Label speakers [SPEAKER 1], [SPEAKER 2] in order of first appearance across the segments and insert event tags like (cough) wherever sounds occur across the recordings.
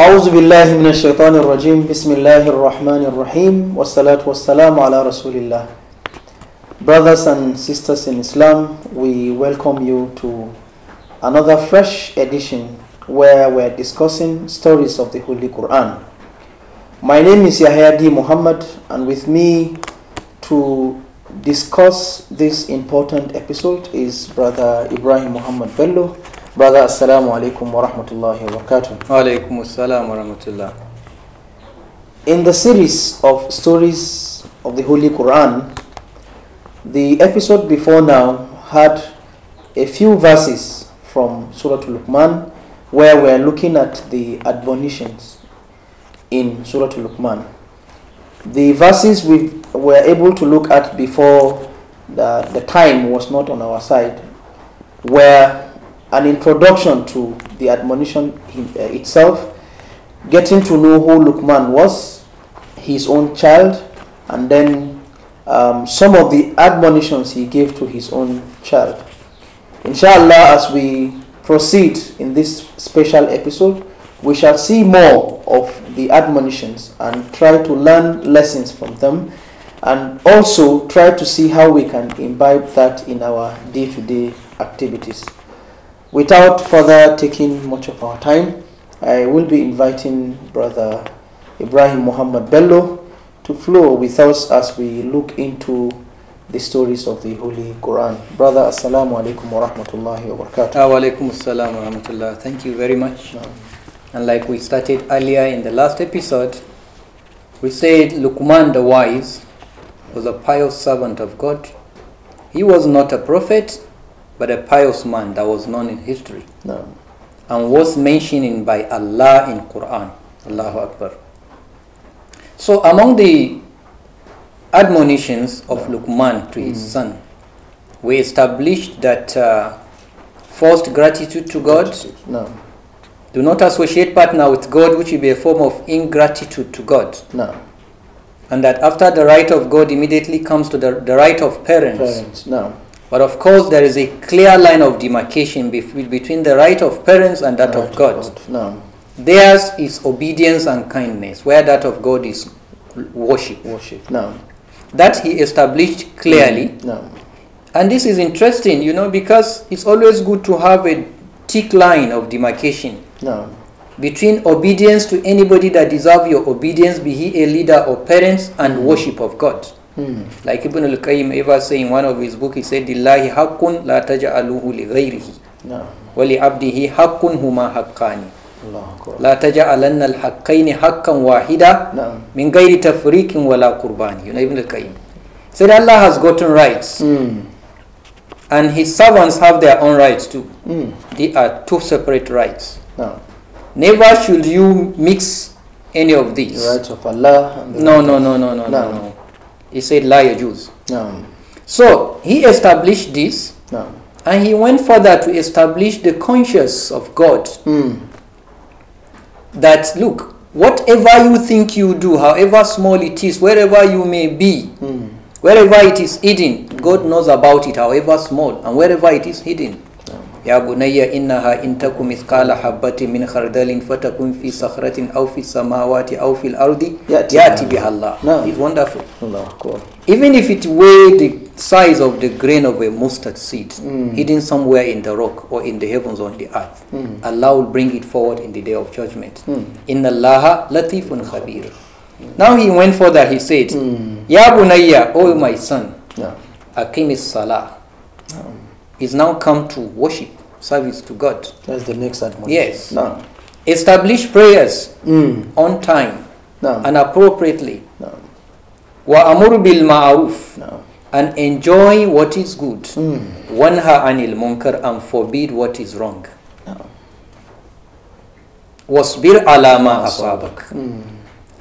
[SPEAKER 1] أعوذ بالله من الشيطان الرجيم بسم الله الرحمن الرحيم والصلاة والسلام على رسول الله Brothers and sisters in Islam, we welcome you to another fresh edition where we're discussing stories of the Holy Quran. My name is Yahya D. Muhammad and with me to discuss this important episode is Brother Ibrahim Muhammad Bello Brother, assalamu alaikum wa rahmatullahi wa barakatuh. alaikum assalam wa rahmatullah. In the series of stories of the Holy Quran, the episode before now had a few verses from Surah Al-Luqman where we're looking at the admonitions in Surah Al-Luqman. The verses we were able to look at before the, the time was not on our side where an introduction to the admonition uh, itself, getting to know who Lukman was, his own child, and then um, some of the admonitions he gave to his own child. Inshallah, as we proceed in this special episode, we shall see more of the admonitions and try to learn lessons from them and also try to see how we can imbibe that in our day to day activities. Without further taking much of our time, I will be inviting Brother Ibrahim Muhammad Bello to flow with us as we look into the stories of the Holy Quran. Brother, Assalamu alaikum wa rahmatullahi wa barakatuh. wa alaikum assalam
[SPEAKER 2] wa rahmatullah. Thank you very much. And like we started earlier in the last episode, we said Luqman the Wise was a pious servant of God. He was not a prophet, but a pious man that was known in history. No. And was mentioned by Allah in Quran. Allahu Akbar. So among the admonitions of no. Luqman to his mm. son, we established that uh, first gratitude to God. No. Do not associate partner with God, which will be a form of ingratitude to God. No. And that after the right of God immediately comes to the, the right of parents. Parents, no. But of course, there is a clear line of demarcation between the right of parents and that right of God. God. No. Theirs is obedience and kindness, where that of God is worship. Worship. No. That he established clearly. Mm, no. And this is interesting, you know, because it's always good to have a thick line of demarcation. No. Between obedience to anybody that deserves your obedience, be he a leader or parents, and mm-hmm. worship of God. Hmm. Like Ibn al-Qayyim ever saying in one of his books, he said, "Allah haqqun la taj'aluhu li ghayrihi. No. Wa abdihi haqqun huma haqqani. لا تجعلن الحقين حقا واحدا من غير تفريق ولا قربان you know Ibn al-Qayyim said Allah has gotten rights mm. and his servants have their own rights too mm. they are two separate rights no. never should you mix any of these the rights of Allah no, no no no no no no he said, "Liar Jews. No. So he established this. No. And he went further to establish the conscience of God. Mm. That, look, whatever you think you do, however small it is, wherever you may be, mm. wherever it is hidden, God knows about it, however small, and wherever it is hidden, Ya بني إنها إن تك مثقال حبة من خردل فتكن في صخرة أو في السماوات أو في الأرض يأتي, يأتي بها الله no. It's wonderful الله أكبر Even if it weighed the size of the grain of a mustard seed mm. hidden somewhere in the rock or in the heavens or on the earth mm. Allah will bring it forward in the day of judgment mm. إن الله لطيف خبير Now he went further he said mm. يا بني O my son yeah. أقم الصلاة is now come to worship, service to God. That's the next admonition. Yes. No. Establish prayers mm. on time and appropriately. No. Wa amur bil ma'aruf. No. And enjoy what is good. Wa mm. Wanha anil munkar and forbid what is wrong. No. Wasbir alama asabak. Mm.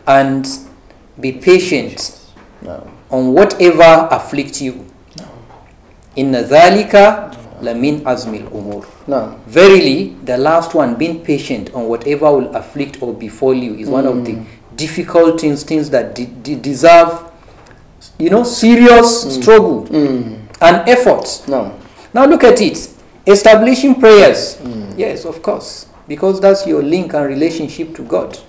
[SPEAKER 2] And be patient no. on whatever afflicts you. No. In dhalika لَمِنْ أَزْمِ الْأُمُورِ no. Verily, the last one, being patient on whatever will afflict or befall you, is mm. one of the mm. difficult things, that de de deserve, you know, serious mm. struggle mm. and effort. No. Now look at it. Establishing prayers. Mm. Yes, of course. Because that's your link and relationship to God.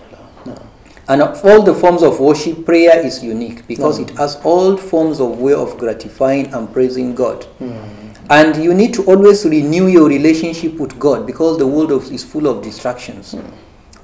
[SPEAKER 2] And of all the forms of worship, prayer is unique because mm. it has all forms of way of gratifying and praising God. Mm. And you need to always renew your relationship with God because the world of, is full of distractions. Mm.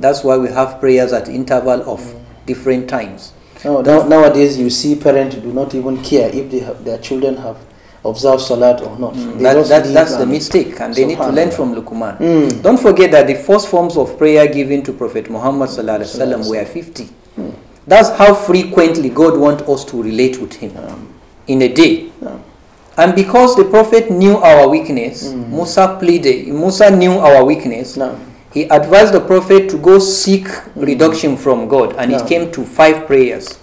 [SPEAKER 2] That's why we have prayers
[SPEAKER 1] at interval of mm. different times. now, nowadays, you see parents do not even care if they have, their children have observed Salat or not. Mm. That, that, that's the mistake, and they need to learn from
[SPEAKER 2] Luqman. Hmm. Don't forget that the first forms of prayer given to Prophet Muhammad mm. were 50. Hmm. That's how frequently God wants us to relate with Him hmm. in a day. Yeah. And because the Prophet knew our weakness, mm. Musa pleaded, Musa knew our weakness. No. He advised the Prophet to go seek reduction hmm. from God, and no. it came to five prayers.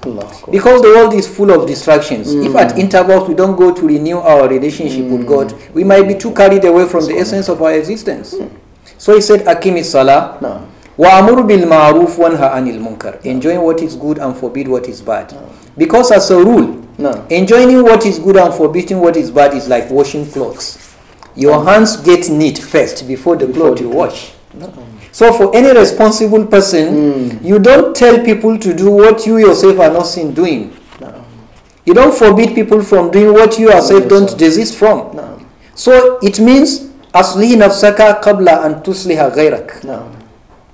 [SPEAKER 2] Because the world is full of distractions. Mm. If hmm. at intervals we don't go to renew our relationship mm. with hmm. God, we might be too carried away from the essence of our existence. So he said, Akimi Salah. No. وَأَمُرْ بِالْمَعْرُوفِ وَانْهَ عَنِ الْمُنْكَرِ Enjoy what is good and forbid what is bad. Because as a rule, no. enjoying what is good and forbidding what is bad is like washing clothes. Your mm. hands get neat first before the before clothes you wash. No. So for any responsible person, mm. you don't tell people to do what you yourself are not seen doing. No. You don't forbid people from doing what you yourself don't desist from. No. So it means asli nafsaka qabla and tusliha ghayrak. No.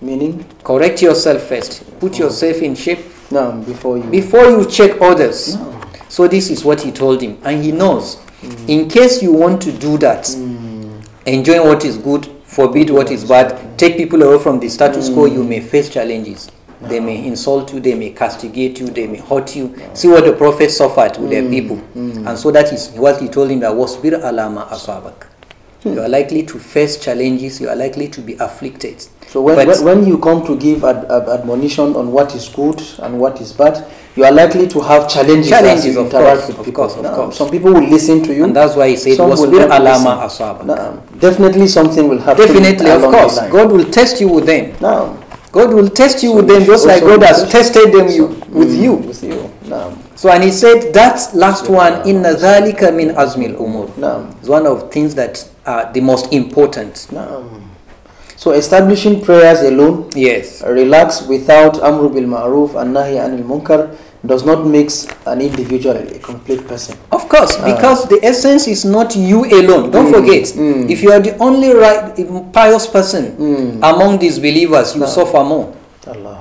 [SPEAKER 2] Meaning? Correct yourself first. Put yourself in shape. No, before you. Before you check others. No. So this is what he told him. And he knows. Mm. In case you want to do that, mm. enjoy what is good, forbid what is bad, take people away from the status quo, you may face challenges. No. They may insult you, they may castigate you, they may hurt you. No. See what the prophet suffered with their people. And so that is what he told him that wasbir alama asabak. You are likely to face challenges, you are likely to be afflicted.
[SPEAKER 1] So when, but when you come to give ad, ad, admonition on what is good and what is bad, you are likely to have challenges, challenges as you interact course, with people. Of course, of course. Some people will listen to you. And that's why he said, some will alama asaba. definitely something will
[SPEAKER 2] happen. Definitely, of course. God will test you with them. No. God will test you so with them just like God has tested them you,
[SPEAKER 1] with you. Mm, with you. No.
[SPEAKER 2] So and he said that last one, in dhalika min azmil umur. It's one of things that are the most important.
[SPEAKER 1] So establishing prayers alone, yes, relax without amru bil ma'ruf and nahi anil munkar does not make an individual a complete person. Of course, ah. because
[SPEAKER 2] uh, the essence is not you alone. Don't mm, forget, mm, if you are the only right pious person mm, among these believers, you suffer more. Allah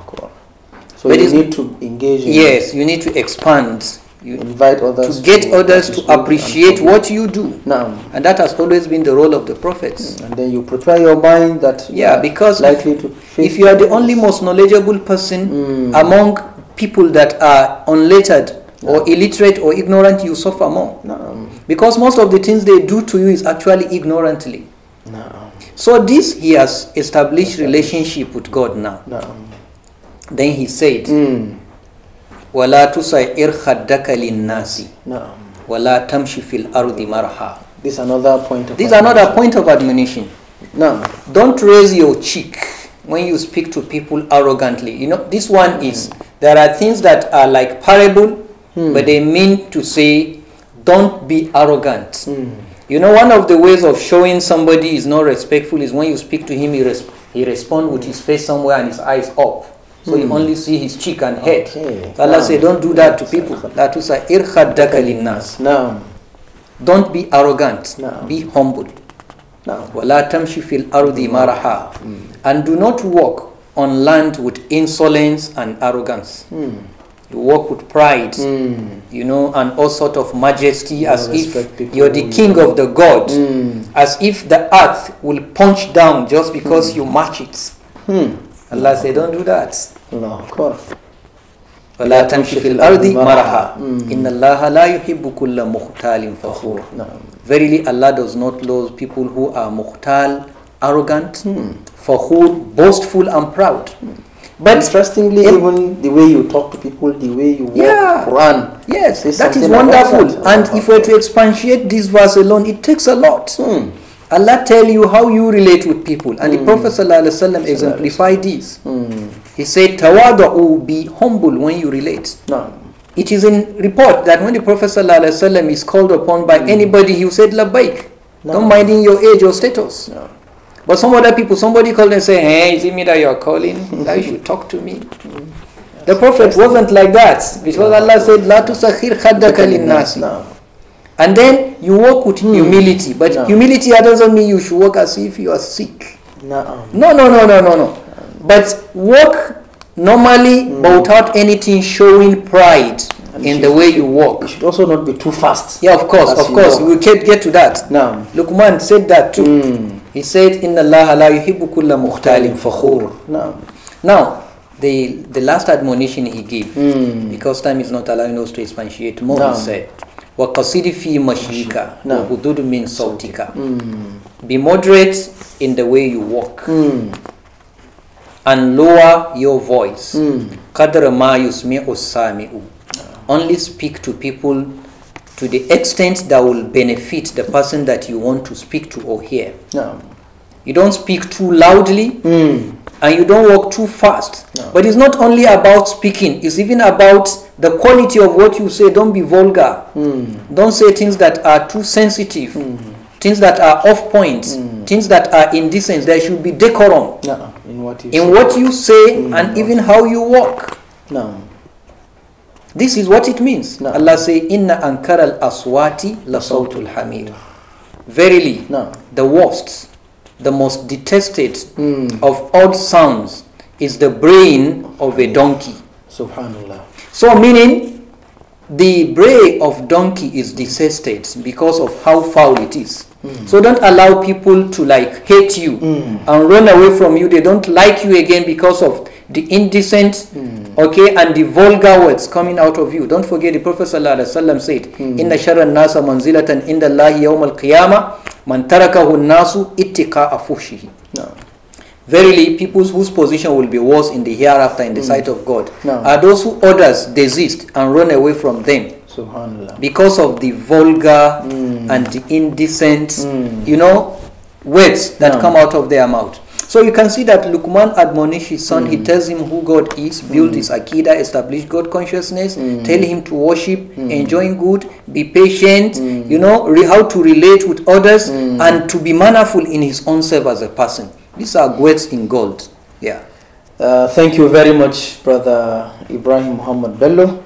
[SPEAKER 1] So but you need to engage. yes,
[SPEAKER 2] you need to expand you invite others to get others to appreciate what you do. Now, and that has always been the role of the prophets. Mm, and
[SPEAKER 1] then you prepare your mind that yeah, because likely if,
[SPEAKER 2] to if you are the only most knowledgeable person mm. among people that are unlettered or illiterate or ignorant, you suffer more. No. Because most of the things they do to you is actually ignorantly. No. So this he has established relationship with God now. Then he said. Mm wala tusair khaddaka linnasi wala tamshi fil ardi marha
[SPEAKER 1] this is another point of this is another
[SPEAKER 2] point of admonition no don't raise your cheek when you speak to people arrogantly you know this one is there are things that are like parable hmm. but they mean to say don't be arrogant hmm. you know one of the ways of showing somebody is not respectful is when you speak to him he, res- he responds with his face somewhere and his eyes up so mm. you hmm. only see his cheek and head. Okay. Allah say, don't do that to people. That is irhaddaka linnas. No. Don't be arrogant. No. Be humble. No. وَلَا تَمْشِ فِي الْأَرْضِ mm. And do not walk on land with insolence and arrogance. Mm. You walk with pride, mm. you know, and all sort of majesty as if you're the king of the god, hmm. as if the earth will punch down just because hmm. you match
[SPEAKER 1] it.
[SPEAKER 2] Allah no. say don't do that. No, of course.
[SPEAKER 1] ولا تمشي في الأرض مرحا إن
[SPEAKER 2] الله لا يحب كل مختال فخور Verily Allah does not love people who are muhtal,
[SPEAKER 1] arrogant, mm. fakhur, boastful and proud. Mm. But interestingly, even the way you talk to people, the way you walk, yeah, run, yes, that is wonderful.
[SPEAKER 2] And if we're to expatiate this verse alone, it takes a lot. Mm. Allah tell you how you relate with people. And mm. the hmm. Prophet ﷺ exemplified this. Mm. He said, Tawadu'u, be humble when you relate. No. It is in report that when the Prophet ﷺ is called upon by mm. anybody, he said, Labbaik. No. Don't minding your age or status. No. But some other people, somebody called and say, Hey, is it me that you are calling? (laughs) that you should talk to me. Hmm. The Prophet wasn't like that because no. Allah said, La tusakhir khaddaka linnas. No. And then you walk with hmm. humility. But no. humility doesn't mean you should walk as if you are sick. No. No, no, no, no, no, But walk normally mm. but without anything showing pride and in the way you walk. You should also not be too
[SPEAKER 1] fast. Yeah, of course, of course. Walk. We
[SPEAKER 2] can not get to that. Now, man said that too. Mm. He said, Inna Allah la yuhibbu kulla mukhtalin fakhur. Now, now the, the last admonition he gave, mm. because time is not allowing us to expatiate more, no. he said, وقصد في مشيك وهدود من صوتك be moderate in the way you walk and lower your voice قدر ما يسمع السامع only speak to people to the extent that will benefit the person that you want to speak to or hear you don't speak too loudly and you don't walk too fast but it's not only about speaking it's even about the quality of what you say don't be vulgar
[SPEAKER 1] mm.
[SPEAKER 2] don't say things that are too sensitive mm. things that are off point mm. things that are indecent there should be decorum
[SPEAKER 1] no. in what you in say,
[SPEAKER 2] what you say hmm. and even how you walk no this is what it means no. allah say inna ankara al aswati la sawtul hamid verily no. the worst the most detested hmm. of all sounds is the brain of a donkey subhanallah so meaning the bray of donkey is detested because of how foul it is. Mm. So don't allow people to like hate you mm. and run away from you. They don't like you again because of the indecent, mm. okay, and the vulgar words coming out of you. Don't forget the Prophet ﷺ said, mm. Inna sharan nasa manzilatan inda Allahi yawm al qiyama man tarakahu nasu Ittika
[SPEAKER 1] afushihi. No.
[SPEAKER 2] Verily, people whose position will be worse in the hereafter in the mm. sight of God no. are those who others desist and run away from them because of the vulgar
[SPEAKER 1] mm. and
[SPEAKER 2] the indecent, mm. you know, words that no. come out of their mouth. So you can see that Lukman admonishes his son. Mm. He hmm. tells him who God is, build hmm. his akida, establish God consciousness, hmm. tell him to worship, enjoy good, be patient, you know, re- how to relate with others, and to be manful in his own self
[SPEAKER 1] as a person. These are great in gold. Yeah. Uh, thank you very much, Brother Ibrahim Muhammad Bello.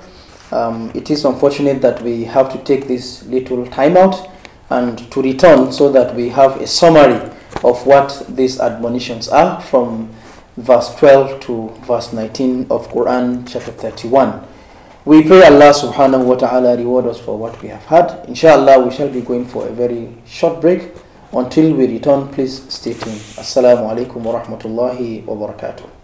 [SPEAKER 1] Um, it is unfortunate that we have to take this little time out and to return so that we have a summary of what these admonitions are from verse 12 to verse 19 of Quran chapter 31. We pray Allah subhanahu wa ta'ala reward us for what we have had. Inshallah, we shall be going for a very short break. Until we return, please stay tuned. Assalamu alaikum wa rahmatullahi wa barakatuh.